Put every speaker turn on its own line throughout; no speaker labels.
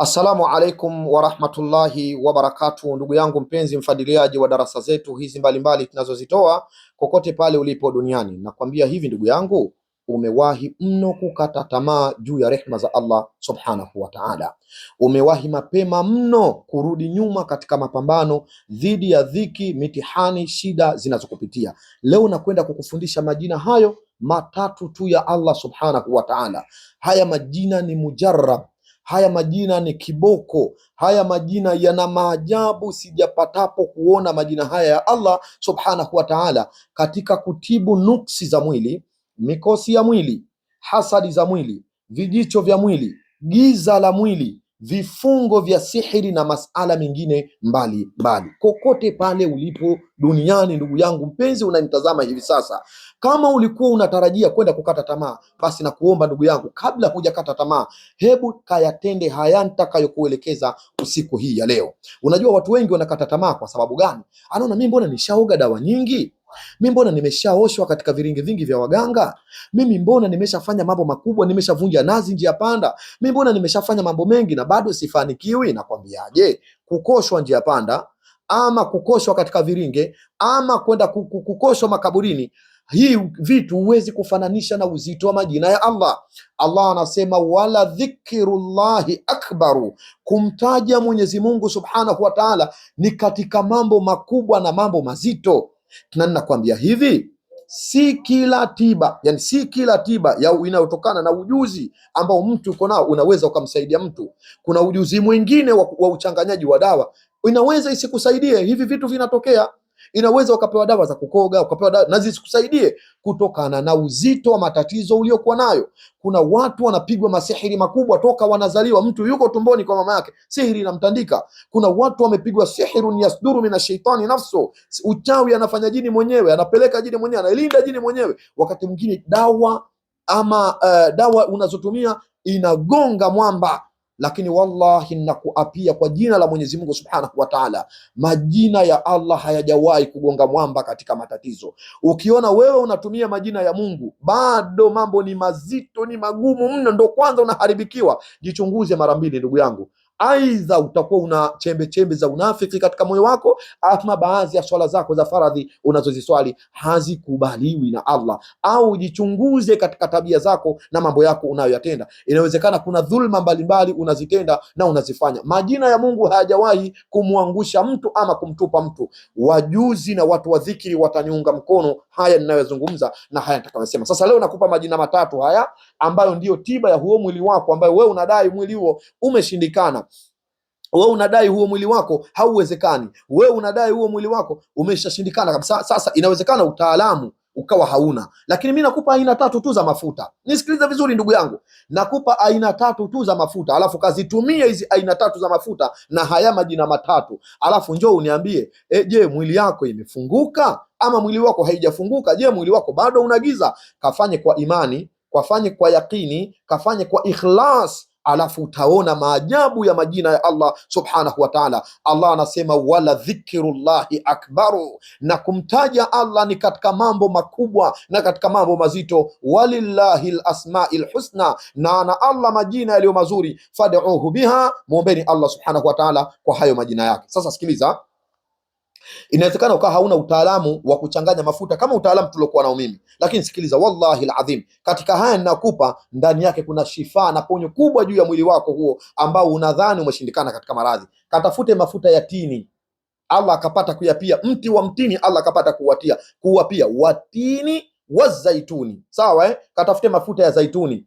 Assalamu alaikum warahmatullahi barakatu ndugu yangu mpenzi mfadiliaji wa darasa zetu hizi mbalimbali tunazozitoa kokote pale ulipo duniani, nakwambia hivi ndugu yangu, umewahi mno kukata tamaa juu ya rehma za Allah subhanahu wa ta'ala. Umewahi mapema mno kurudi nyuma katika mapambano dhidi ya dhiki, mitihani, shida zinazokupitia. Leo nakwenda kukufundisha majina hayo matatu tu ya Allah subhanahu wa ta'ala. Haya majina ni mujarrab Haya majina ni kiboko, haya majina yana maajabu, sijapatapo kuona majina haya ya Allah subhanahu wa ta'ala, katika kutibu nuksi za mwili, mikosi ya mwili, hasadi za mwili, vijicho vya mwili, giza la mwili vifungo vya sihiri na masala mengine mbalimbali. Kokote pale ulipo duniani, ndugu yangu mpenzi, unanitazama hivi sasa, kama ulikuwa unatarajia kwenda kukata tamaa, basi nakuomba ndugu yangu, kabla hujakata tamaa, hebu kayatende haya nitakayokuelekeza usiku hii ya leo. Unajua watu wengi wanakata tamaa kwa sababu gani? Anaona mimi mbona nishaoga dawa nyingi mi mbona nimeshaoshwa katika viringi vingi vya waganga? Mimi mbona nimeshafanya mambo makubwa, nimeshavunja nazi njia panda? Mi mbona nimeshafanya mambo mengi na bado sifanikiwi? Nakwambiaje, kukoshwa njia panda ama kukoshwa katika viringe ama kwenda kukoshwa makaburini, hii vitu huwezi kufananisha na uzito wa majina ya Allah. Allah anasema wala dhikrullahi akbaru, kumtaja Mwenyezi Mungu subhanahu wa taala ni katika mambo makubwa na mambo mazito. Na ninakwambia hivi, si kila tiba, yani si kila tiba inayotokana na ujuzi ambao mtu uko nao unaweza ukamsaidia mtu. Kuna ujuzi mwingine wa, wa uchanganyaji wa dawa inaweza isikusaidie. Hivi vitu vinatokea. Inaweza ukapewa dawa za kukoga, ukapewa dawa na zisikusaidie kutokana na uzito wa matatizo uliokuwa nayo. Kuna watu wanapigwa masihiri makubwa toka wanazaliwa, mtu yuko tumboni kwa mama yake, sihiri inamtandika. Kuna watu wamepigwa sihirun yasduru mina shaitani nafsu, uchawi anafanya jini mwenyewe, anapeleka jini mwenyewe, analinda jini mwenyewe. Wakati mwingine dawa ama uh, dawa unazotumia inagonga mwamba lakini wallahi nakuapia kwa jina la Mwenyezi Mungu Subhanahu wa Ta'ala, majina ya Allah hayajawahi kugonga mwamba katika matatizo. Ukiona wewe unatumia majina ya Mungu bado mambo ni mazito, ni magumu mno, ndo kwanza unaharibikiwa, jichunguze mara mbili, ndugu yangu aidha utakuwa una chembe chembe za unafiki katika moyo wako, ama baadhi ya swala zako za faradhi unazoziswali hazikubaliwi na Allah, au jichunguze katika tabia zako na mambo yako unayoyatenda. Inawezekana kuna dhulma mbalimbali unazitenda na unazifanya. Majina ya Mungu hayajawahi kumwangusha mtu ama kumtupa mtu. Wajuzi na watu wa dhikri wataniunga mkono haya ninayozungumza na haya nitakayosema sasa. Leo nakupa majina matatu haya ambayo ndiyo tiba ya huo mwili wako ambayo wewe unadai mwili huo umeshindikana wewe unadai huo mwili wako hauwezekani, wewe unadai huo mwili wako umeshashindikana kabisa. Sasa inawezekana utaalamu ukawa hauna, lakini mi nakupa aina tatu tu za mafuta. Nisikilize vizuri, ndugu yangu, nakupa aina tatu tu za mafuta, alafu kazitumie hizi aina tatu za mafuta na haya majina matatu, alafu njoo uniambie, e, je, mwili yako imefunguka ama mwili wako haijafunguka? Je, mwili wako bado unagiza? Kafanye kwa imani, kafanye kwa yakini, kafanye kwa ikhlas alafu utaona maajabu ya majina ya Allah subhanahu wa ta'ala. Allah anasema wala dhikrullahi akbaru, na kumtaja Allah ni katika mambo makubwa na katika mambo mazito. Walillahi lasmai husna, na ana Allah majina yaliyo mazuri, fad'uhu biha, muombeni Allah subhanahu wa ta'ala kwa hayo majina yake. Sasa sikiliza Inawezekana ukawa hauna utaalamu wa kuchanganya mafuta kama utaalamu tuliokuwa nao mimi, lakini sikiliza, wallahi aladhim, katika haya ninakupa ndani yake kuna shifa na ponyo kubwa juu ya mwili wako huo ambao unadhani umeshindikana katika maradhi. Katafute mafuta ya tini, Allah akapata kuyapia. Mti wa mtini, Allah akapata kuwatia kuwapia. Watini wa zaituni, sawa eh? Katafute mafuta ya zaituni.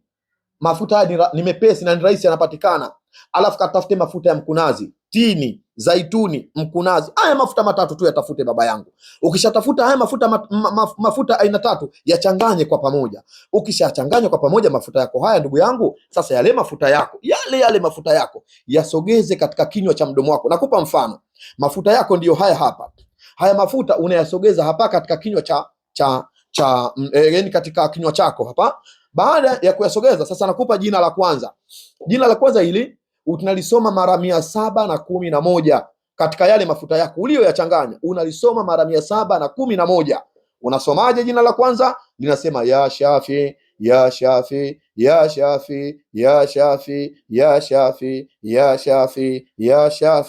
Mafuta haya ni mepesi na ni rahisi, yanapatikana. Alafu katafute mafuta ya mkunazi tini, zaituni, mkunazi. Haya mafuta matatu tu yatafute baba yangu. Ukishatafuta haya mafuta mat, ma, ma, mafuta aina tatu yachanganye kwa pamoja. Ukishachanganya kwa pamoja mafuta yako haya, ndugu yangu, sasa yale mafuta yako yale yale mafuta yako yasogeze katika kinywa cha mdomo wako. Nakupa mfano, mafuta yako ndiyo haya hapa. Haya mafuta unayasogeza hapa katika kinywa cha cha cha yaani, katika kinywa chako hapa. Baada ya kuyasogeza sasa, nakupa jina la kwanza, jina la kwanza hili unalisoma mara mia saba na kumi na moja katika yale mafuta yako uliyoyachanganya, unalisoma mara mia saba na kumi na moja. Unasomaje? Jina la kwanza linasema ya Shafi, ya Shafi, ya Shafi, ya Shafi, ya Shafi, ya Shafi, ya Shafi,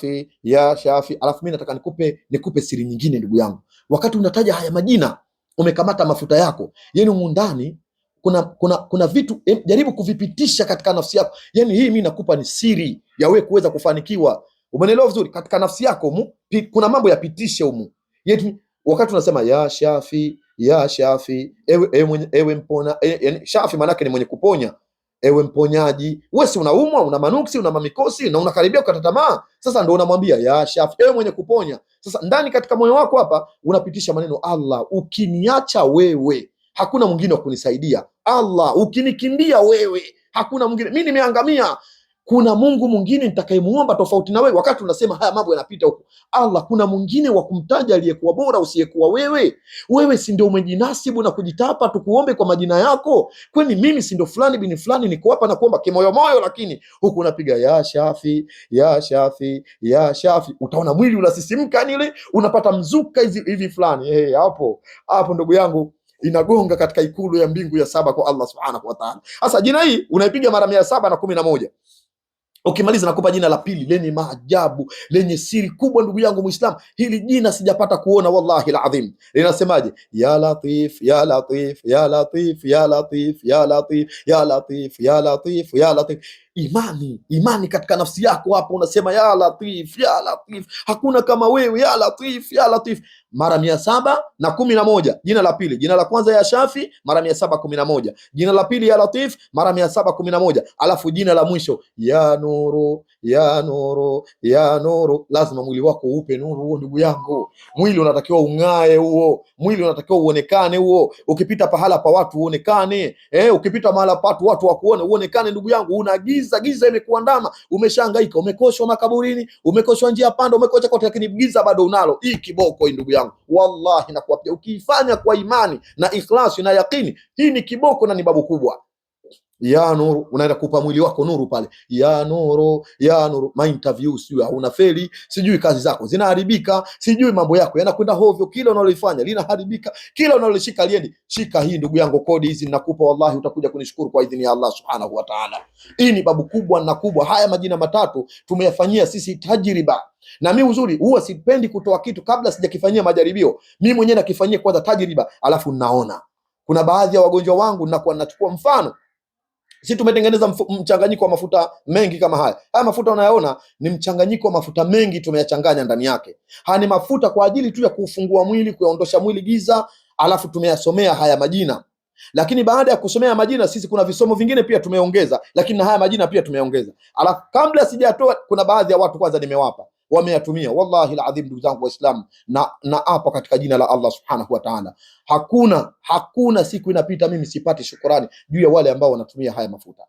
ya Shafi. Alafu mimi nataka nikupe nikupe siri nyingine, ndugu yangu. Wakati unataja haya majina, umekamata mafuta yako yenu yaani mundani kuna, kuna, kuna vitu em, jaribu kuvipitisha katika nafsi yako. Yani hii mi nakupa ni siri ya wewe kuweza kufanikiwa. Umenelewa vizuri? Katika nafsi yako mu, pi, kuna mambo yapitishe humu yetu, yaani wakati unasema ya Shafi ya Shafi ewe, ewe, ewe mpona e, yani, Shafi maanake ni mwenye kuponya ewe mponyaji, wewe si unaumwa, una manuksi, una mamikosi na unakaribia kukata tamaa. Sasa ndo unamwambia ya Shafi, ewe mwenye kuponya. Sasa ndani katika moyo wako hapa unapitisha maneno Allah, ukiniacha wewe hakuna mwingine wa kunisaidia. Allah, ukinikimbia wewe, hakuna mwingine, mi nimeangamia. Kuna Mungu mwingine nitakayemuomba tofauti na wewe? Wakati unasema haya mambo yanapita huku, Allah, kuna mwingine wa kumtaja aliyekuwa bora usiyekuwa wewe? Wewe si ndio umejinasibu na kujitapa tukuombe kwa majina yako? Kwani mimi si ndio fulani bini fulani, niko hapa na kuomba kimoyomoyo, lakini huku unapiga ya Shafi, ya Shafi, ya Shafi. Utaona mwili unasisimka, ni ile unapata mzuka hivi fulani. Hey, eh, hapo hapo ndugu yangu inagonga katika ikulu ya mbingu ya saba kwa Allah subhanahu wa ta'ala. Sasa jina hii unaipiga mara mia saba na kumi na moja. Ukimaliza nakupa jina la pili lenye maajabu, lenye siri kubwa, ndugu yangu Muislam. Hili jina sijapata kuona, wallahi ladhim. Linasemaje? ya latif ya latif ya latif ya latif ya latif ya latif ya latif ya latif. Imani, imani katika nafsi yako hapo, unasema ya latif ya latif, hakuna kama wewe, ya latif ya latif, mara mia saba na kumi na moja jina la pili. Jina la kwanza ya Shafi mara mia saba kumi na moja jina la pili ya Latif mara mia saba kumi na moja alafu jina la mwisho ya nuru ya nuru ya nuru. Lazima mwili wako upe nuru huo, ndugu yangu. Mwili unatakiwa ung'ae huo, mwili unatakiwa uonekane huo. Ukipita pahala pa watu uonekane, eh, ukipita mahala pa watu watu wakuone, uonekane ndugu yangu. Una giza, giza imekuandama, umeshangaika, umekoshwa makaburini, umekoshwa njia panda, umekoshwa kote, lakini giza bado unalo. Hii kiboko hii, ndugu yangu, wallahi nakuapia, ukiifanya kwa imani na ikhlasi na yakini, hii ni kiboko na ni babu kubwa ya nuru, unaenda kupa mwili wako nuru pale, ya nuru, ya nuru. Ma interview sijui hauna feli, sijui kazi zako zinaharibika, sijui mambo yako yanakwenda hovyo, kila unalofanya linaharibika, kila unaloshika liendi. Shika hii ndugu yangu, kodi hizi ninakupa, wallahi utakuja kunishukuru kwa idhini ya Allah subhanahu wa ta'ala. Hii ni babu kubwa na kubwa. Haya majina matatu tumeyafanyia sisi tajriba na mi uzuri huwa sipendi kutoa kitu kabla sijakifanyia majaribio. Mi mwenyewe nakifanyia kwanza tajriba, alafu naona kuna baadhi ya wagonjwa wangu nakuwa nachukua mfano si tumetengeneza mchanganyiko wa mafuta mengi kama haya. Haya mafuta unayaona ni mchanganyiko wa mafuta mengi tumeyachanganya ndani yake. Haya ni mafuta kwa ajili tu ya kuufungua mwili, kuyaondosha mwili giza, alafu tumeyasomea haya majina. Lakini baada ya kusomea majina, sisi kuna visomo vingine pia tumeongeza, lakini na haya majina pia tumeongeza. Alafu kabla sijatoa, kuna baadhi ya watu kwanza nimewapa wameyatumia. Wallahi aladhim, ndugu zangu Waislamu, na naapa katika jina la Allah subhanahu wa ta'ala, hakuna hakuna siku inapita mimi sipati shukurani juu ya wale ambao wanatumia haya mafuta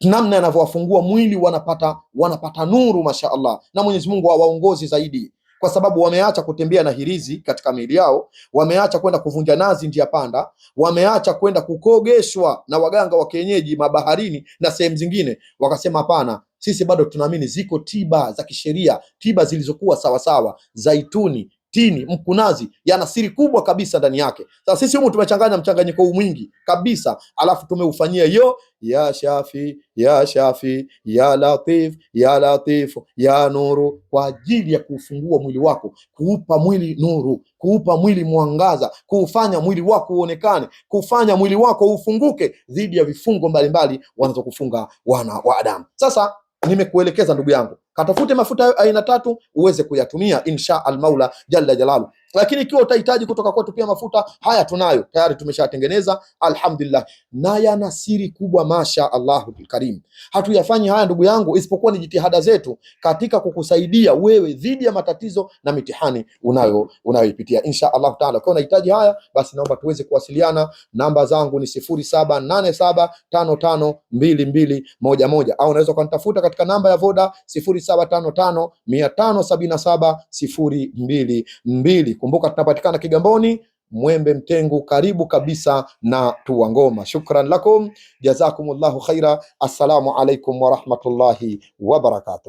namna yanavyowafungua mwili, wanapata wanapata nuru, mashaallah. Na Mwenyezi Mungu zaidi kwa sababu wameacha kutembea na hirizi katika miili yao, wameacha kwenda kuvunja nazi njia panda, wameacha kwenda kukogeshwa na waganga wa kienyeji mabaharini na sehemu zingine. Wakasema hapana, sisi bado tunaamini ziko tiba za kisheria, tiba zilizokuwa sawasawa, zaituni tini, mkunazi yana siri kubwa kabisa ndani yake. Sasa sisi humu tumechanganya mchanganyiko huu mwingi kabisa, alafu tumeufanyia hiyo ya Shafi ya Shafi ya Latif ya Latif, ya Nuru, kwa ajili ya kuufungua mwili wako, kuupa mwili nuru, kuupa mwili mwangaza, kuufanya mwili wako uonekane, kufanya mwili wako ufunguke dhidi ya vifungo mbalimbali wanazokufunga wana wa Adamu. Sasa nimekuelekeza ndugu yangu Katafute mafuta aina tatu uweze kuyatumia insha almaula jalla jalalu. Lakini ikiwa utahitaji kutoka kwetu pia mafuta haya tunayo tayari, tumeshatengeneza alhamdulillah, na yana siri kubwa masha Allahu karim. Hatuyafanyi haya ndugu yangu, isipokuwa ni jitihada zetu katika kukusaidia wewe dhidi ya matatizo na mitihani unayo unayoipitia insha Allahu taala. Kwa unahitaji haya, basi naomba tuweze kuwasiliana. Namba zangu ni sifuri saba nane saba tano tano mbili mbili moja moja au unaweza ukanitafuta katika namba ya Voda sifuri 0755 Kumbuka tunapatikana Kigamboni Mwembe Mtengu, karibu kabisa na Tuwangoma. Ngoma. Shukran lakum, jazakumullahu khaira. Assalamu alaikum warahmatullahi wabarakatuh.